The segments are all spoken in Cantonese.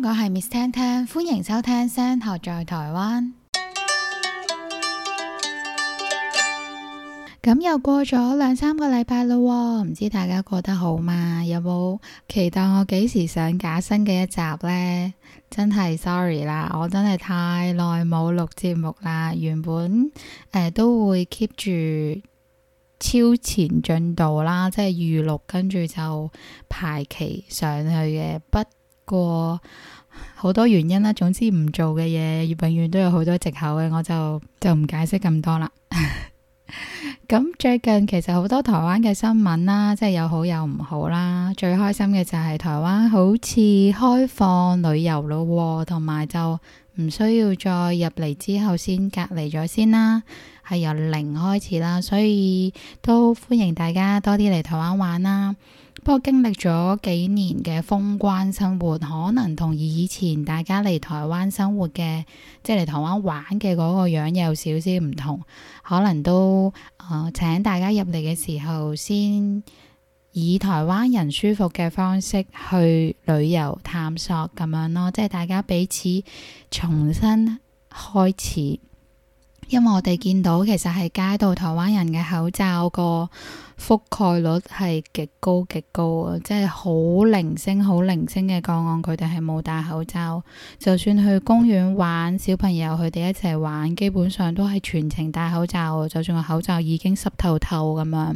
我係 Miss Ten Ten，歡迎收聽聲《聲學在台灣》。咁、 嗯、又過咗兩三個禮拜啦，唔知大家過得好嘛？有冇期待我幾時上架新嘅一集呢？真係 sorry 啦，我真係太耐冇錄節目啦。原本、呃、都會 keep 住超前進度啦，即係預錄，跟住就排期上去嘅不。過好多原因啦，總之唔做嘅嘢，永遠都有好多藉口嘅，我就就唔解釋咁多啦。咁 最近其實好多台灣嘅新聞啦，即係有好有唔好啦。最開心嘅就係台灣好似開放旅遊咯，同埋就唔需要再入嚟之後先隔離咗先啦，係由零開始啦，所以都歡迎大家多啲嚟台灣玩啦。不過經歷咗幾年嘅封關生活，可能同以前大家嚟台灣生活嘅，即係嚟台灣玩嘅嗰個樣有少少唔同，可能都誒、呃，請大家入嚟嘅時候，先以台灣人舒服嘅方式去旅遊探索咁樣咯，即係大家彼此重新開始。因為我哋見到其實喺街道，台灣人嘅口罩個覆蓋率係極高極高啊！即係好零星、好零星嘅個案，佢哋係冇戴口罩。就算去公園玩，小朋友佢哋一齊玩，基本上都係全程戴口罩。就算個口罩已經濕透透咁樣，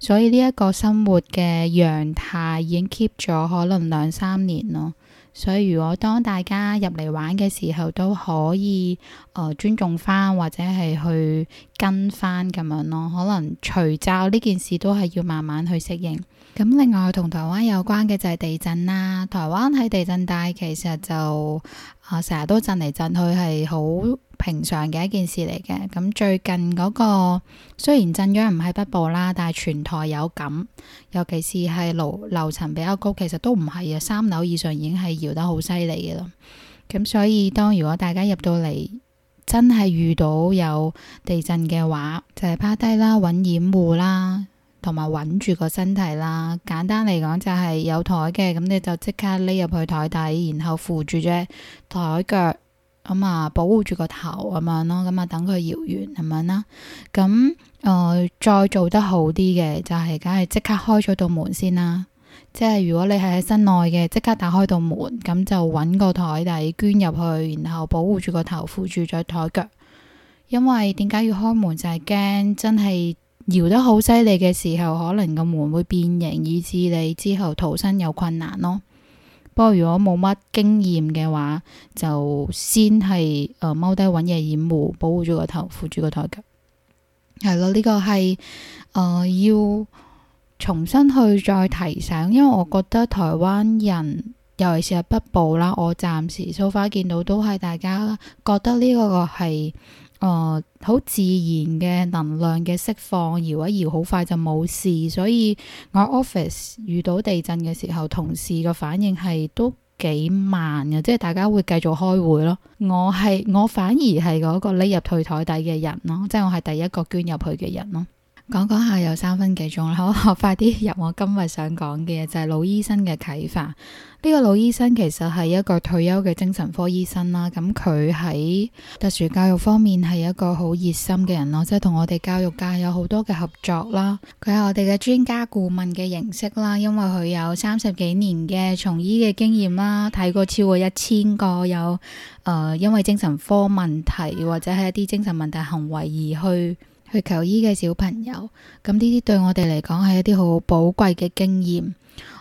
所以呢一個生活嘅樣態已經 keep 咗可能兩三年咯。所以如果當大家入嚟玩嘅時候，都可以誒、呃、尊重翻，或者係去跟翻咁樣咯。可能除罩呢件事都係要慢慢去適應。咁另外同台灣有關嘅就係地震啦，台灣喺地震帶，其實就啊成日都震嚟震去係好平常嘅一件事嚟嘅。咁、嗯、最近嗰、那個雖然震央唔喺北部啦，但係全台有感，尤其是係樓樓層比較高，其實都唔係啊，三樓以上已經係搖得好犀利嘅喇。咁、嗯、所以當如果大家入到嚟，真係遇到有地震嘅話，就係、是、趴低啦，搵掩護啦。同埋穩住個身體啦，簡單嚟講就係、是、有台嘅，咁你就即刻匿入去台底，然後扶住隻台腳，咁啊保護住個頭咁樣咯、啊，咁啊等佢搖完咁樣啦、啊。咁誒、呃、再做得好啲嘅就係，梗係即刻開咗道門先啦、啊。即係如果你係喺室內嘅，即刻打開道門，咁就搵個台底捐入去，然後保護住個頭，扶住咗台腳。因為點解要開門就係、是、驚真係。搖得好犀利嘅時候，可能個門會變形，以致你之後逃生有困難咯。不過如果冇乜經驗嘅話，就先係誒踎低揾嘢掩護，保護住個頭，扶住個台腳。係、嗯、咯，呢、嗯這個係誒、呃、要重新去再提醒，因為我覺得台灣人，尤其是喺北部啦，我暫時 so far 見到都係大家覺得呢個個係。誒，好、oh, 自然嘅能量嘅釋放，搖一搖好快就冇事。所以我 office 遇到地震嘅時候，同事個反應係都幾慢嘅，即係大家會繼續開會咯。我係我反而係嗰個匿入退枱底嘅人咯，即係我係第一個捐入去嘅人咯。講講下有三分幾鐘啦，好，我快啲入，我今日想講嘅就係老醫生嘅啟發。呢個老醫生其實係一個退休嘅精神科醫生啦，咁佢喺特殊教育方面係一個好熱心嘅人咯，即係同我哋教育界有好多嘅合作啦。佢係我哋嘅專家顧問嘅形式啦，因為佢有三十幾年嘅從醫嘅經驗啦，睇過超過一千個有誒因為精神科問題或者係一啲精神問題行為而去。去求醫嘅小朋友，咁呢啲對我哋嚟講係一啲好寶貴嘅經驗。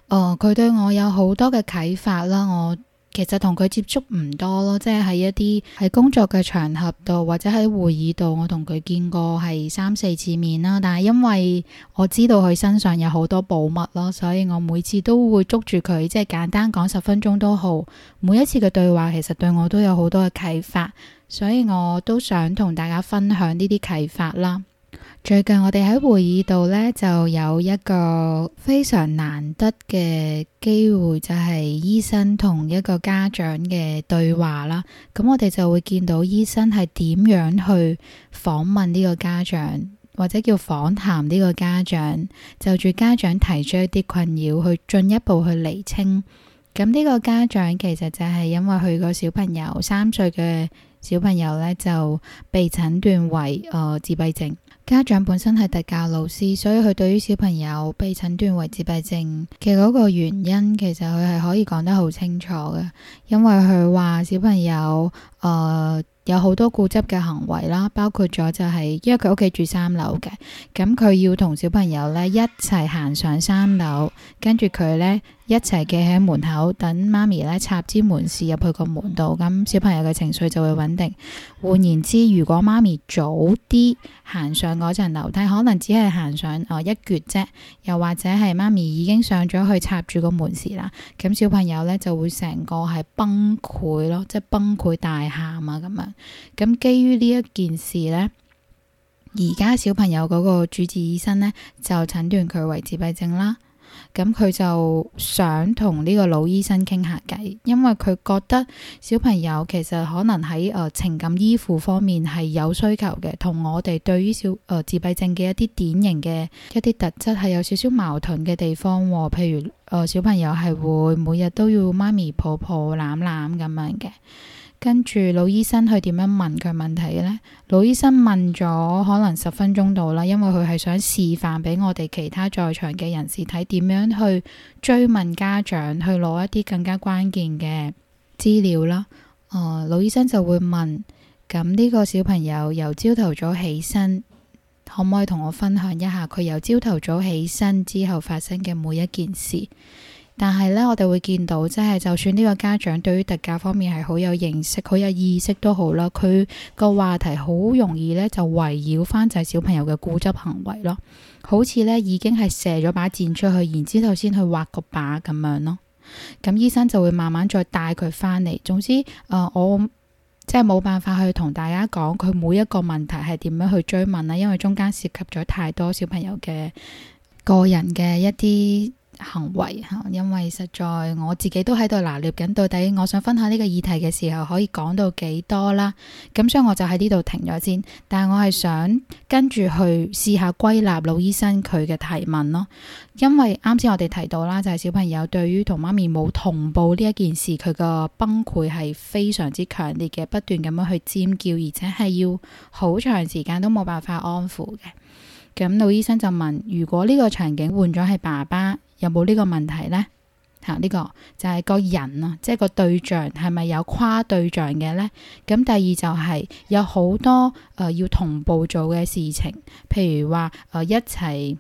哦，佢對我有好多嘅啟發啦，我。其實同佢接觸唔多咯，即係喺一啲喺工作嘅場合度，或者喺會議度，我同佢見過係三四次面啦。但係因為我知道佢身上有好多寶物咯，所以我每次都會捉住佢，即係簡單講十分鐘都好。每一次嘅對話，其實對我都有好多嘅啟發，所以我都想同大家分享呢啲啟發啦。最近我哋喺會議度呢，就有一個非常難得嘅機會，就係、是、醫生同一個家長嘅對話啦。咁我哋就會見到醫生係點樣去訪問呢個家長，或者叫訪談呢個家長，就住家長提出一啲困擾去進一步去厘清。咁呢個家長其實就係因為佢個小朋友三歲嘅小朋友呢，就被診斷為誒、呃、自閉症。家長本身係特教老師，所以佢對於小朋友被診斷為自閉症嘅嗰個原因，其實佢係可以講得好清楚嘅。因為佢話小朋友誒、呃、有好多固執嘅行為啦，包括咗就係、是、因為佢屋企住三樓嘅，咁佢要同小朋友咧一齊行上三樓，跟住佢咧。一齊企喺門口等媽咪呢，插支門匙入去個門度，咁小朋友嘅情緒就會穩定。換言之，如果媽咪早啲行上嗰層樓梯，可能只係行上、哦、一橛啫，又或者係媽咪已經上咗去插住個門匙啦，咁小朋友呢就會成個係崩潰咯，即係崩潰大喊啊咁樣。咁基於呢一件事呢，而家小朋友嗰個主治醫生呢，就診斷佢為自閉症啦。咁佢就想同呢個老醫生傾下偈，因為佢覺得小朋友其實可能喺誒、呃、情感依附方面係有需求嘅，同我哋對於小誒、呃、自閉症嘅一啲典型嘅一啲特質係有少少矛盾嘅地方喎、哦，譬如。誒、哦、小朋友係會每日都要媽咪抱抱、攬攬咁樣嘅，跟住老醫生去點樣問佢問題呢？老醫生問咗可能十分鐘到啦，因為佢係想示範俾我哋其他在場嘅人士睇點樣去追問家長，去攞一啲更加關鍵嘅資料囉。誒、哦，老醫生就會問，咁呢個小朋友由朝頭早起身。可唔可以同我分享一下佢由朝頭早起身之後發生嘅每一件事？但係咧，我哋會見到即係、就是、就算呢個家長對於特教方面係好有認識，好有意識都好啦，佢個話題好容易咧就圍繞翻就係小朋友嘅固執行為咯，好似咧已經係射咗把箭出去，然之後先去畫個靶咁樣咯。咁醫生就會慢慢再帶佢翻嚟。總之，誒、呃、我。即係冇辦法去同大家講，佢每一個問題係點樣去追問啦、啊，因為中間涉及咗太多小朋友嘅個人嘅一啲。行為吓，因為實在我自己都喺度拿捏緊，到底我想分享呢個議題嘅時候可以講到幾多啦。咁所以我就喺呢度停咗先，但係我係想跟住去試下歸納老醫生佢嘅提問咯。因為啱先我哋提到啦，就係小朋友對於同媽咪冇同步呢一件事，佢個崩潰係非常之強烈嘅，不斷咁樣去尖叫，而且係要好長時間都冇辦法安撫嘅。咁老醫生就問：如果呢個場景換咗係爸爸，有冇呢個問題呢？嚇，呢個就係個人咯，即係個對象係咪有跨對象嘅呢？咁第二就係有好多誒要同步做嘅事情，譬如話誒一齊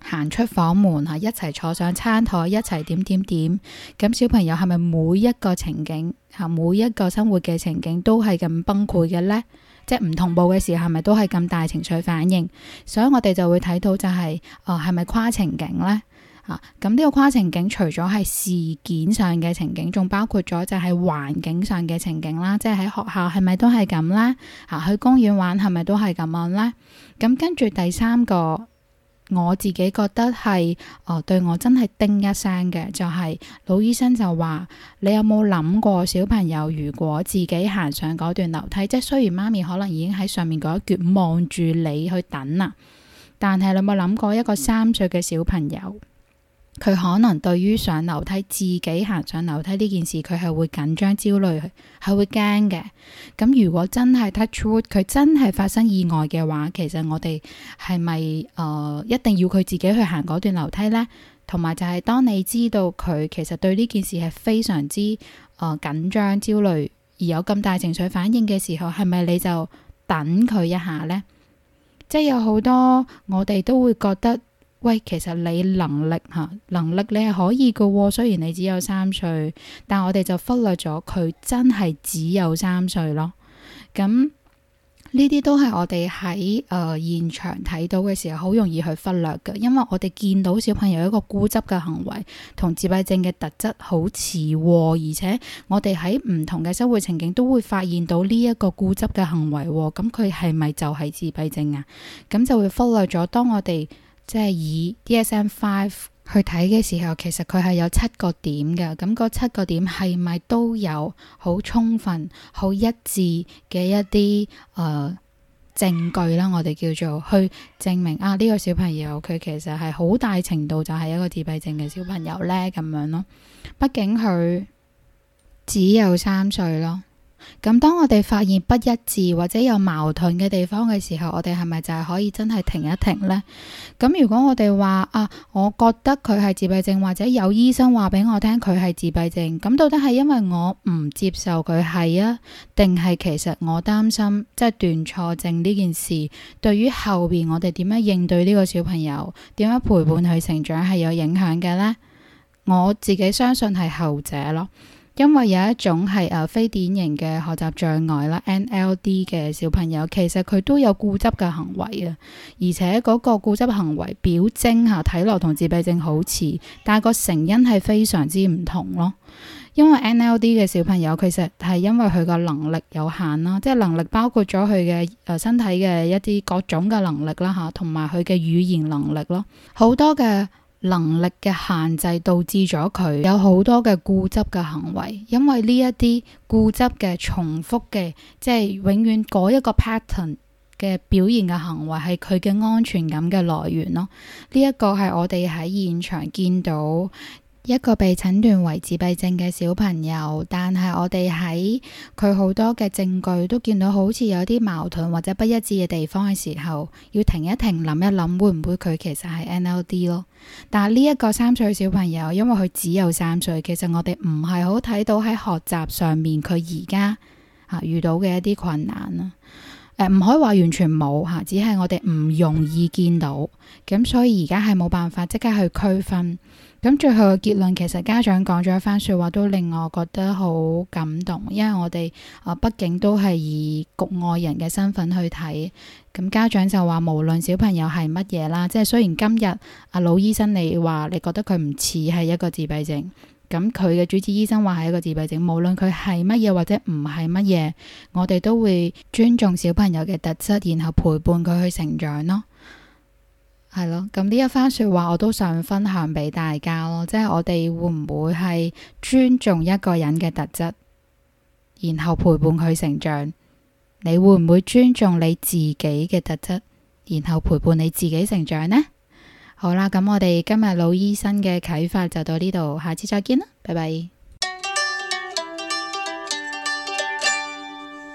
行出房門嚇，一齊坐上餐台，一齊點點點。咁小朋友係咪每一個情景嚇，每一個生活嘅情景都係咁崩潰嘅呢？即係唔同步嘅時候，係咪都係咁大情緒反應？所以我哋就會睇到就係、是，誒係咪跨情景咧？啊，咁、這、呢個跨情景除咗係事件上嘅情景，仲包括咗就係環境上嘅情景啦、啊。即係喺學校係咪都係咁咧？啊，去公園玩係咪都係咁樣咧？咁、啊、跟住第三個。我自己覺得係，哦、呃，對我真係叮一聲嘅，就係、是、老醫生就話，你有冇諗過小朋友如果自己行上嗰段樓梯，即係雖然媽咪可能已經喺上面嗰一截望住你去等啦，但係你有冇諗過一個三歲嘅小朋友？佢可能對於上樓梯、自己行上樓梯呢件事，佢係會緊張、焦慮，係會驚嘅。咁如果真係 touch wood，佢真係發生意外嘅話，其實我哋係咪誒一定要佢自己去行嗰段樓梯呢？同埋就係當你知道佢其實對呢件事係非常之誒緊張、焦慮而有咁大情緒反應嘅時候，係咪你就等佢一下呢？即係有好多我哋都會覺得。喂，其實你能力嚇能力，你係可以嘅喎、哦。雖然你只有三歲，但我哋就忽略咗佢真係只有三歲咯。咁呢啲都係我哋喺誒現場睇到嘅時候，好容易去忽略嘅。因為我哋見到小朋友一個固執嘅行為，同自閉症嘅特質好似，而且我哋喺唔同嘅生活情景都會發現到呢一個固執嘅行為、哦。咁佢係咪就係自閉症啊？咁、嗯、就會忽略咗。當我哋即係以 DSM 五去睇嘅時候，其實佢係有七個點嘅，咁嗰七個點係咪都有好充分、好一致嘅一啲誒、呃、證據啦？我哋叫做去證明啊，呢、呢個小朋友佢其實係好大程度就係一個自閉症嘅小朋友呢。咁樣咯。畢竟佢只有三歲咯。咁當我哋發現不一致或者有矛盾嘅地方嘅時候，我哋係咪就係可以真係停一停呢？咁如果我哋話啊，我覺得佢係自閉症，或者有醫生話俾我聽佢係自閉症，咁到底係因為我唔接受佢係啊，定係其實我擔心即係斷錯症呢件事對於後邊我哋點樣應對呢個小朋友，點樣陪伴佢成長係有影響嘅呢？我自己相信係後者咯。因為有一種係誒非典型嘅學習障礙啦，NLD 嘅小朋友其實佢都有固執嘅行為啊，而且嗰個固執行為表徵嚇睇落同自閉症好似，但係個成因係非常之唔同咯。因為 NLD 嘅小朋友其實係因為佢個能力有限啦，即係能力包括咗佢嘅誒身體嘅一啲各種嘅能力啦嚇，同埋佢嘅語言能力咯，好多嘅。能力嘅限制導致咗佢有好多嘅固執嘅行為，因為呢一啲固執嘅重複嘅，即係永遠嗰一個 pattern 嘅表現嘅行為，係佢嘅安全感嘅來源咯。呢一個係我哋喺現場見到。一個被診斷為自閉症嘅小朋友，但係我哋喺佢好多嘅證據都見到，好似有啲矛盾或者不一致嘅地方嘅時候，要停一停，諗一諗，會唔會佢其實係 NLD 咯？但係呢一個三歲小朋友，因為佢只有三歲，其實我哋唔係好睇到喺學習上面佢而家吓遇到嘅一啲困難啦。呃、唔可以話完全冇吓，只係我哋唔容易見到咁，所以而家係冇辦法即刻去區分。咁最後嘅結論其實家長講咗一番説話都令我覺得好感動，因為我哋啊畢竟都係以局外人嘅身份去睇。咁家長就話無論小朋友係乜嘢啦，即係雖然今日阿老醫生你話你覺得佢唔似係一個自閉症，咁佢嘅主治醫生話係一個自閉症。無論佢係乜嘢或者唔係乜嘢，我哋都會尊重小朋友嘅特質，然後陪伴佢去成長咯。係咯，咁呢一番說話我都想分享俾大家咯，即係我哋會唔會係尊重一個人嘅特質，然後陪伴佢成長？你會唔會尊重你自己嘅特質，然後陪伴你自己成長呢？好啦，咁我哋今日老醫生嘅啟發就到呢度，下次再見啦，拜拜。